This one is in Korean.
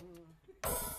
음.